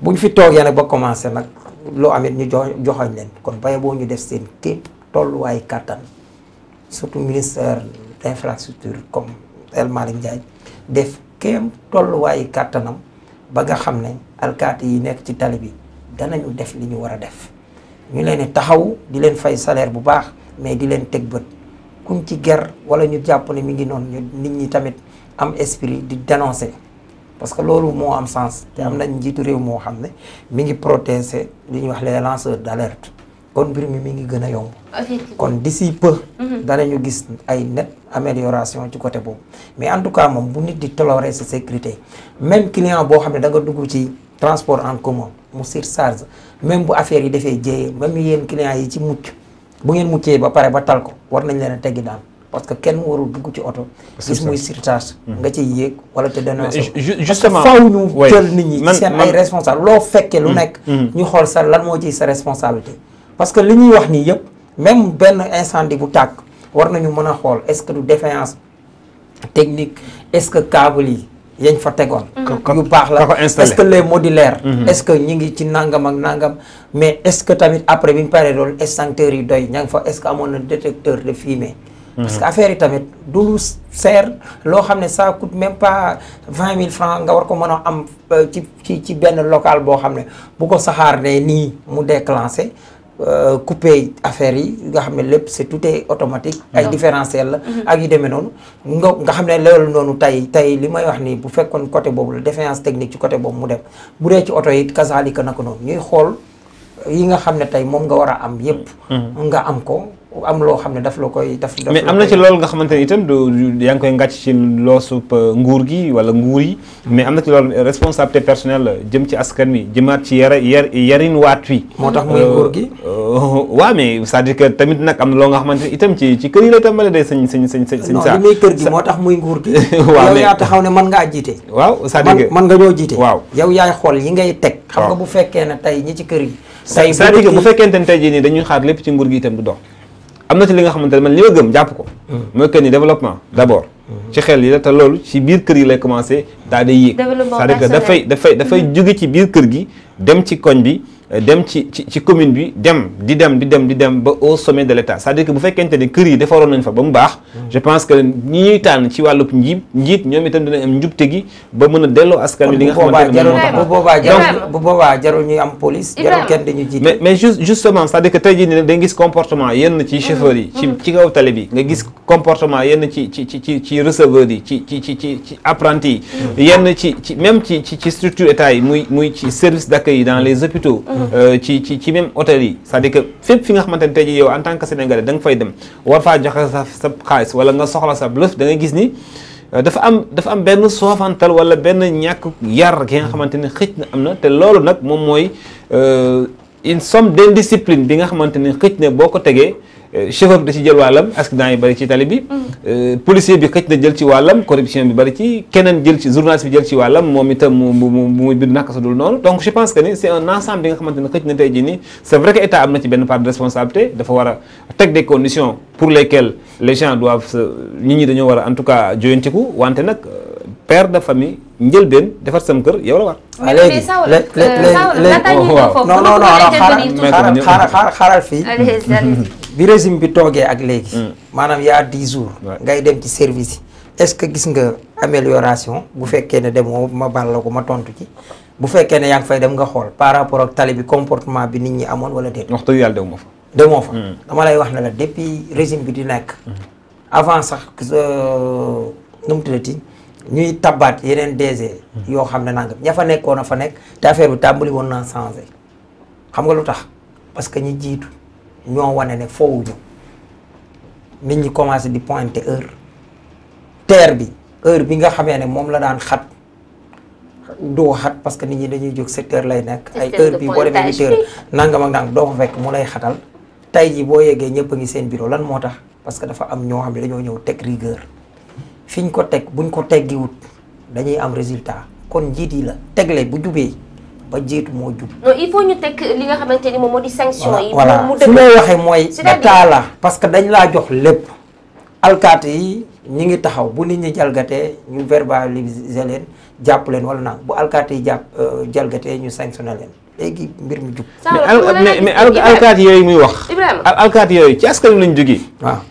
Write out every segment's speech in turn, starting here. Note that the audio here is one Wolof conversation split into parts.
bu ñu fi toogee nag ba commencé nag loo amit ñu jox joxoñ leen kon baye boo ñu def seen képp tolluwaay kàttan surtout ministère d'infrastructure comme El Malick Ndiaye def kéem tolluwaayu kàttanam ba nga xam ne alkaati yi nekk ci tali bi danañu def li ñu war a def ñu leen di taxaw di leen fay salaire bu baax mais di leen teg bët kuñ ci ger wala ñu jàpp ne mi ngi noonu nit ñi tamit am esprit di dénoncer parce que loolu moo am sens te am nañ njiitu réew moo xam ne mi ngi protéger lu ñuy wax les lanceurs d'alerte kon mbir mi mi ngi gën a yomb kon d'ici mhm. dana ñu gis ay net amélioration ci côté boobu mais en tout cas moom bu nit di tolérer si sécurité même client boo xam ne da dugg ci transport en commun mu surcharge même bu affaire yi defee jéyee même yéen clients yi ci mucc bu ngeen muccee ba pare ba tal ko war nañ leen a teggi daal parce que kenn warul dugg ci oto. gis muy surcharge. Hmm. nga ciy yéeg wala te dénoncé. justement ñu jël nit ñi. ci seen ay responsable loo fekkee lu hmm. nekk. Hmm. ñu xool sa lan moo ciy sa responsabilité. parce que li ñuy wax nii yëpp même benn incendie bu tàkk war nañu mën a xool est-ce que du défaillance technique est-ce que câble yi. yañ fa tegoon. yu baax la est-ce que les modulaires. est-ce que ñu ngi ci nangam ak nangam. mais est-ce que tamit après bi ñu paree loolu extincteurs yi doy ña nga fa est-ce amoon na détecteur de fumée. parce que affaire yi tamit du lu seer loo xam ne ça coûte même pas vingt mille francs nga war ko mën a am euh, ci ci ci benn local boo xam ne bu ko saxaar ne nii mu déclenché euh, coupé affaire yi nga xam ne lépp c'est tout est automatique ay la mhm. ak yu demee noonu nga nga xam ne loolu noonu tey tey li may wax nii bu fekkoon côté boobu la défaillance technique ci côté boobu mu dem bu dee ci oto yi kasaalika ko noonu ñuy xool yi nga xam ne tey moom nga war a am yépp mhm. nga am ko am loo xam ne daf la koy daf. daf mais am na ci loolu nga xamante ne itam du yaa ngi koy ngàcc euh, nguur gi wala nguur yi. Hmm. mais am na ci loolu euh, responsabilité personnelle la jëm ci askan wi jëmaat ci yara yar yarin waat wi. moo tax muy euh, nguur gi. waaw mais c'est-à-dire que na nga xamante ne itam ci ci kër yi la tàmbalee day sañ sañ sañ sañ. saa non li muy kër gi moo tax muy nguur gi. waaw mais yow mën ngaa jiite. waaw c'est-à-dire nga ñoo jiite. waaw yow yaay xool yi ngay teg. xam nga bu fekkee ne tey ñi ci kër yi. tey bu fekkente ne tey jii nii dañuy xaar lépp ci nguur gi itam du dox am na ci li nga xamante ne man ni ma gëm jàpp ko. Mm. mooy que ni développement d' abord. Mm. ci xel yi la te loolu ci biir kër gi lay commencé daal di yéeg. développement personnel cest dafay dafay dafay mm-hmm. jóge ci biir kër gi dem ci koñ bi. dem ci ci ci commune bi dem di dem di dem di dem ba au sommet de l'État cest à bu fekkente ne kër yi defaroon nañ fa ba mu baax je pense que ñi ñuy tànn ci wàllub njiib njiit ñoom itam dinañ am njubte gi ba mën a delloo askan wi li nga xamante ne bu boobaa jarul bu am police jarul kenn di mais mais juste justement cest à tey jii ne da nga gis comportement yenn ci mm-hmm. chauffeurs yi ci ci kaw tali bi nga gis comportement yenn ci ci ci ci ci receveurs yi ci ci ci ci ci apprentis yi mm-hmm. yenn ci ci même ci ci ci structure état yi muy muy ci service d'accueil yi dans les hôpitaux mm-hmm. Euh, ci ci ci même hôtel yi sa à dire que fi nga xamante ne tey ji yow en tant que sénégalais da nga fay dem war faa joxe sa sa xaalis wala nga soxla sa lëf da nga gis ni euh, dafa am dafa am benn soofantal wala benn ñàkk yar ki nga xamante ne xëj na am na te loolu nag moom mooy euh, une somme d'indiscipline bi nga xamante ne xëj na boo ko tegee Euh, chauffeur bi da ci jël wàllam accident yi bi. Mm-hmm. Euh, policier bi xëj na jël ci wàllam corruption bi bari ci keneen jël ci journaliste bi jël ci wàllam moom itam mu mu mu mu bind naka su dul noonu donc je pense que ni c' est un ensemble nga xamante ne xëj na tey jii nii c' est vrai que état am na ci benn part de responsabilité dafa war a teg des conditions pour lesquelles les gens doivent se nit ñi dañoo war a en tout cas joyantiku wante nag euh, père de famille. njëlbeen defar sam kër yow la war. mais léegi euh, oh, bi résime bi toogee ak léegi. Mm. maanaam yaa dix jours. ngay dem ci service yi. est-ce que gis nga amélioration bu fekkee ne demoo ma baal la ko ma tontu ci bu fekkee ne yaa fay dem nga xool par rapport ak tali bi comportement bi nit ñi amoon wala déet. waxtu yàlla demoo fa. demoo fa. Mm. dama lay wax na la depuis résime bi di nekk. Mm. avant sax euh, nu mu ñuy tabaat yeneen DG. yoo xam ne nangam ña fa nekkoon a fa nekk te affaire bi tàmbali woon naa changé xam nga lu tax parce que ñi jiitu ñoo wane ne foowuñu nit ñi commencé di pointer heure terre bi heure bi nga xamee ne moom la daan xat du xat parce que nit ñi dañuy jóg secteur lay nekk. ay heure bi boo demee huit heures nangam ak nangam doo fa fekk mu lay xatal tey jii boo yeggee ñëpp a ngi seen bureau lan moo tax parce que dafa am ñoo xam ne dañoo ñëw teg rigueur. fi ñu ko teg buñ ko teggiwut dañuy am résultat kon njiit yi la tegle bu jubee ba jiitu moo jub. non il ñu teg li nga xamante ni moom moo di sanction waxee mooy. état la parce que dañ laa jox lépp. alkaati yi ñi ngi taxaw bu nit ñi jalgatee ñu verbaliser leen jàpp leen wala naan bu alkaati yi jàpp euh, jalgatee ñu sanctionné leen léegi mbir mi jub. mais alkaati yooyu muy wax. Ibrahima alkaati yooyu ci askan wi lañ jógee. waaw. Ah.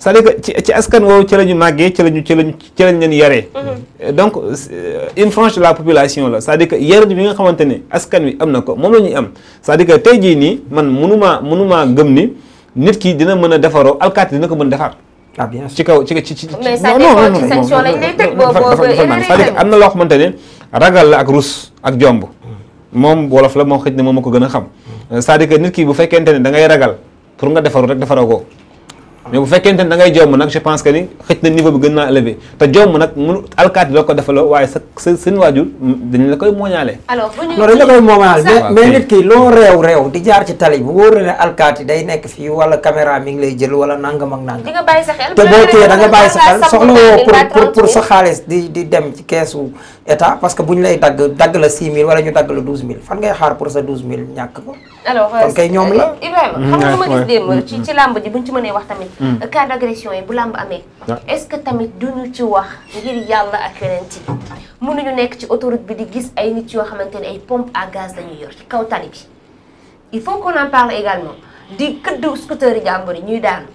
cest à que ci ci askan woowu ci la ñu màggee ci la ñu ci la ci la ñu leen mhm. donc euh, une frange la population la c'est-à-dire que bi nga xamante ne askan wi am na ko moom la ñuy am cest à que tey jii nii man mënumaa mënumaa gëm ni nit ki dina mën a defaroo alkaati dina ko mën a defar. ah bien kaw ci ci ci. ci sanction lañ lay teg boobu boobu cest am na loo xamante ne ragal la ak rus ak jomb. Mm. moom wolof la moo xëj ne moom ma ko gën a xam. Mm. Euh, c'est-à-dire que nit ki bu fekkente ne da ngay ragal pour nga defaru rek defaroo ko. mais bu fekkente ne da ngay jomm nag je pense que ni xëj na niveau bi gën naa élevé te jomm nag mënu alkaati doo ko defaloo waaye sa sa seen waajur dañu la koy mooñaale. alors bu ñu non dañu la loo réew réew di jaar ci tali bu wóoree ne alkaati day nekk fii wala caméra mi ngi lay jël wala nangam ak nangam. di nga te boo téye da nga bàyyi sa xel soxla woo pour pour sa xaalis di di dem ci keesu état parce que bu ñu lay dagg dagg la 6000 wala ñu dagg la 12000 fan ngay xaar pour sa 12000 ñàkk ko. kay ñoom la euh, Ibrahima Mm. Euh, cas d' agression yi bu làmb amee est ce que tamit duñu ci wax ngir yàlla ak yonent yi mënuñu nekk ci autoroute bi di gis ay nit yoo xamante ne ay pompe à gaz dañuy yor ci kaw tali bi il faut qu'on en parle également di këdd scooter yi jàmbur yi ñuy daanu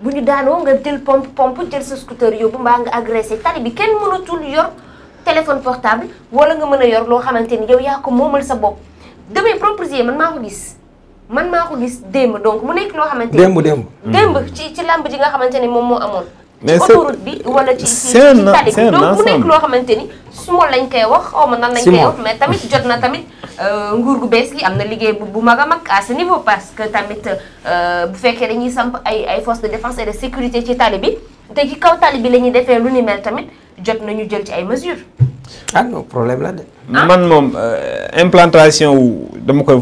bu ñu daanoo nga jël pompe pompe jël sa scooter yóbbu mbaa nga agressé tali bi kenn mënatul yor téléphone portable wala nga mën a yor loo xamante ni yow yaa ko moomal sa bopp damay proposé man maa ko gis man maa ko gis démb donc mu nekk loo xamante ni. démb démb. Mm. ci ci làmb ji nga xamante ni moom moo amoon. mais ci autoroute bi wala ci ci tali bi donc mu nekk loo xamante ni su ma lañ koy wax xaw ma nan lañ koy wax mais tamit jot na tamit euh, nguur gu bees gi am na liggéey bu bu mag a mag à ce parce que tamit euh, bu fekkee dañuy samp ay ay forces de défense et de sécurité ci tali bi te ci kaw tali bi la ñuy defee lu ni mel tamit jot nañu jël ci ay mesures. ah non problème la de. man moom euh, implantation wu dama koy.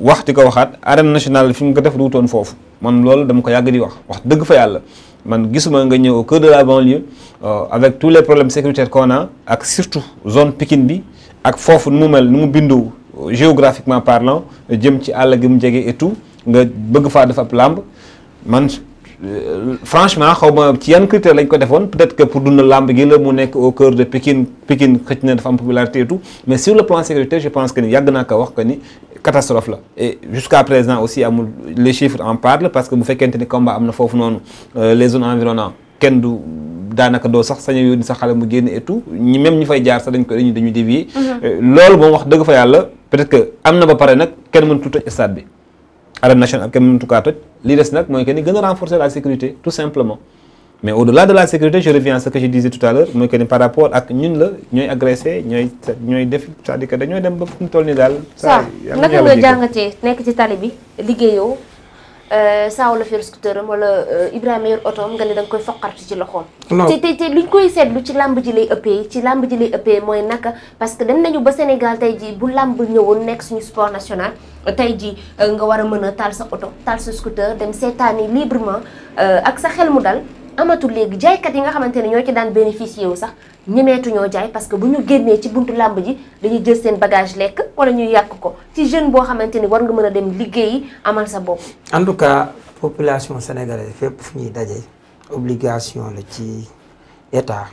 wax di ko waxaat arène nationale fi mu ko def ruutoon foofu man loolu dama ko yàgg di wax wax dëgg fa yàlla man gisuma nga ñëw au cœur de la banlieue euh, avec tous les problèmes sécuritaires qu'on a ak surtout zone Pikine bi ak foofu nu mu mel nu mu bindoo euh, géographiquement parlant jëm ci àll gi mu jege et tout nga bëgg faa def ab làmb man euh, franchement xaw ma ci yan critère lañ ko defoon peut que pour dund làmb gi la mu nekk au cœur de Pikine Pikine je pense que ni yàgg naa ko wax que ni catastrophe la et jusqu'à présent aussi amul les chiffres en parlent parce que bu fekkente ni combat am na foofu noonu euh, le zones environnantes kenn du daanaka doo sax saña yónni sa xale mu génn et ñi même ñi fay jaar sax dañ ko dañu dañuy dévier mhm. euh, loolu moom wax dëgg fa yàlla peut-être que am na ba pare nag kenn mëntu toj stade bi arène nationale kenn mëntu kaa toj li des nag mooy que ni gën a renforcer la sécurité tout simplement mais au-delà de la sécurité je reviens à ce que je disais tout à l'heure mooy que par rapport ak ñun la ñooy agressé ñooy ñooy def c'est-à-dire dem ba fu mu toll nii daal. saa naka nga jàngatee nekk ci tali bi liggéeyoo euh, sa la fër scooter am wala euh, Ibrahima oto otoom nga ne danga nga koy foqarti ci loxoom. te te te luñ koy seetlu ci làmb ji lay ëppee ci làmb ji lay ëppee mooy naka parce que dem nañu ba Sénégal tey jii bu làmb ñëwoon nekk suñu sport national. tey jii euh, nga war a mën a taal sa oto taal sa scooter dem seetaani ak sa xel mu dal. amatul léegi jaaykat yi nga xamante ne ñoo ci daan bénéficier wu sax ñemeetuñoo jaay parce que bu ñu génnee ci buntu làmb ji dañuy jël seen bagage lekk wala ñu yàq ko ci jeune boo xamante ni war nga mën a dem liggéeyi amal sa bopp. en tout cas population sénégalaise fépp fu ñuy daje obligation la ci état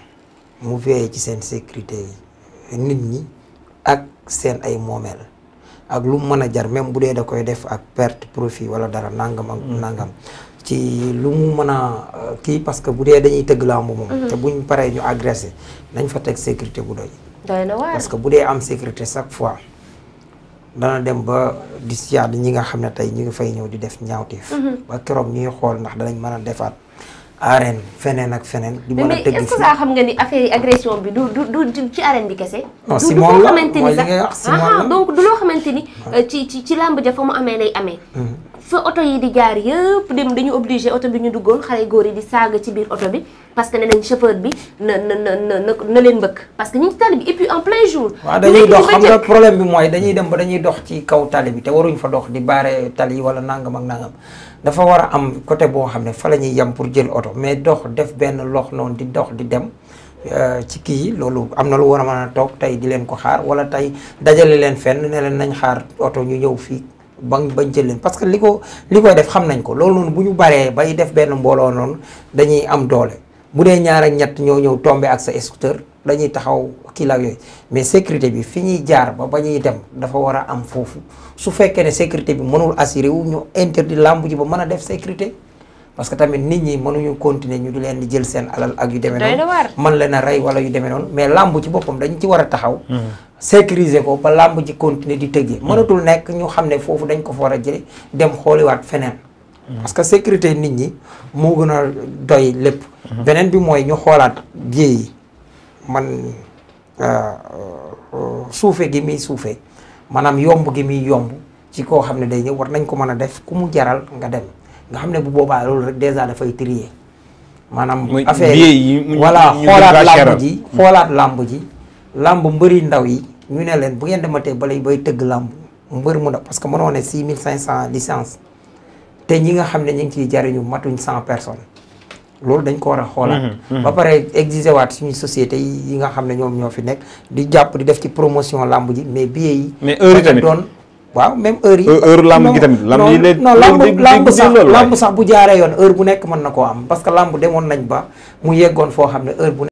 mu veiller ci seen sécurité yi nit ñi ak seen ay moomeel. ak lu mu mën a jar même bu dee da koy def ak perte profit wala dara nangam ak mm. nangam ci lu mu mën a euh, kii parce que bu dee dañuy tëgg lamb moom mm-hmm. te bu ñu paree ñu agressé nañ fa teg sécurité bu doy parce que bu dee am sécurité chaque fois dana dem ba di siyaat ñi nga xam ne tey ñu ngi fay ñëw di def ñaawteef mm-hmm. ba keroog ñuy xool ndax danañ mën a defaat arène feneen ak feneen. di mën a tëgg mais est xam nga ni affaire yi agression bi du du du ci arène bi kese. non moom la mooy li ngay wax si moom ah, ah, la du loo xamante ni euh, ci ci ci làmb ja fa mu amee lay amee. Mm-hmm. fa oto yi di jaar yëpp dem dañu obligé oto bi ñu duggoon xale góor yi di saaga ci biir oto bi. parce que nee nañ chauffeur bi na na na na na leen mbëkk parce que ñu tali bi et puis en plein jour. waaw dañuy dox xam nga problème bi mooy dañuy dem ba dañuy dox ci kaw bi te waruñ fa dox di baare tali wala nangam ak dafa war a am côté boo xam ne fa la ñuy yem pour jël oto mais dox def benn lox noonu di dox di dem. Euh, ci kii loolu am na lu war a mën a toog tey di leen ko xaar wala tey dajale leen fenn ne leen nañ xaar oto ñu ñëw fii ba bañ jël leen parce que li ko li koy def xam nañ ko loolu noonu bu ñu baree bay def benn mbooloo noonu dañuy am doole bu dee ñaar ñett ñoo ñëw tombé ak sa scooter dañuy taxaw kii la yooyu mais sécurité bi fi ñuy jaar ba ba ñuy dem dafa war a am foofu su fekkee ne sécurité bi mënul assuré wu ñu interdit làmb ji ba mën a def sécurité parce que tamit nit ñi mënuñu continuer ñu di leen di jël seen alal ak yu demee noonu man leen a rey wala yu demee noonu mais làmb ci boppam dañu ci war a taxaw hmm. sécuriser ko ba làmb ji continuer di tëggee hmm. mënatul nekk ñu xam ne foofu dañ ko fa war a jële dem xooliwaat feneen parce que sécurité nit ñi moo gën a doy lépp. Mhm. beneen bi mooy ñu xoolaat biais yi man euh, euh, suufe gi muy suufe maanaam yomb gi muy yomb ci koo xam ne day ñëw war nañ ko mën a def ku mu jaral nga dem nga xam ne bu boobaa loolu rek déjà dafay trier. maanaam affaire yi voilà xoolaat làmb ji mhm. xoolaat làmb ji làmb mbëri ndaw yi ñu ne leen bu ngeen dematee balay bay tëgg làmb mbër mu ndaw parce que mënoo ne six mille cinq cent licence te ñi nga xam ne ñu ngi ciy jariñu matuñ cent personnes loolu dañ ko war a xoolaat mm-hmm, mm-hmm. ba pare exiger waat suñu société yi nga xam ne ñoom ñoo fi nekk di jàpp di def ci promotion làmb ji mais billets yi mais heure yi tamit doon waaw même heure yi heure làmb gi tamit làmb sax bu jaaree yoon heure bu nekk mën na koo am parce que làmb demoon nañ ba mu yeggoon foo xam ne heure bu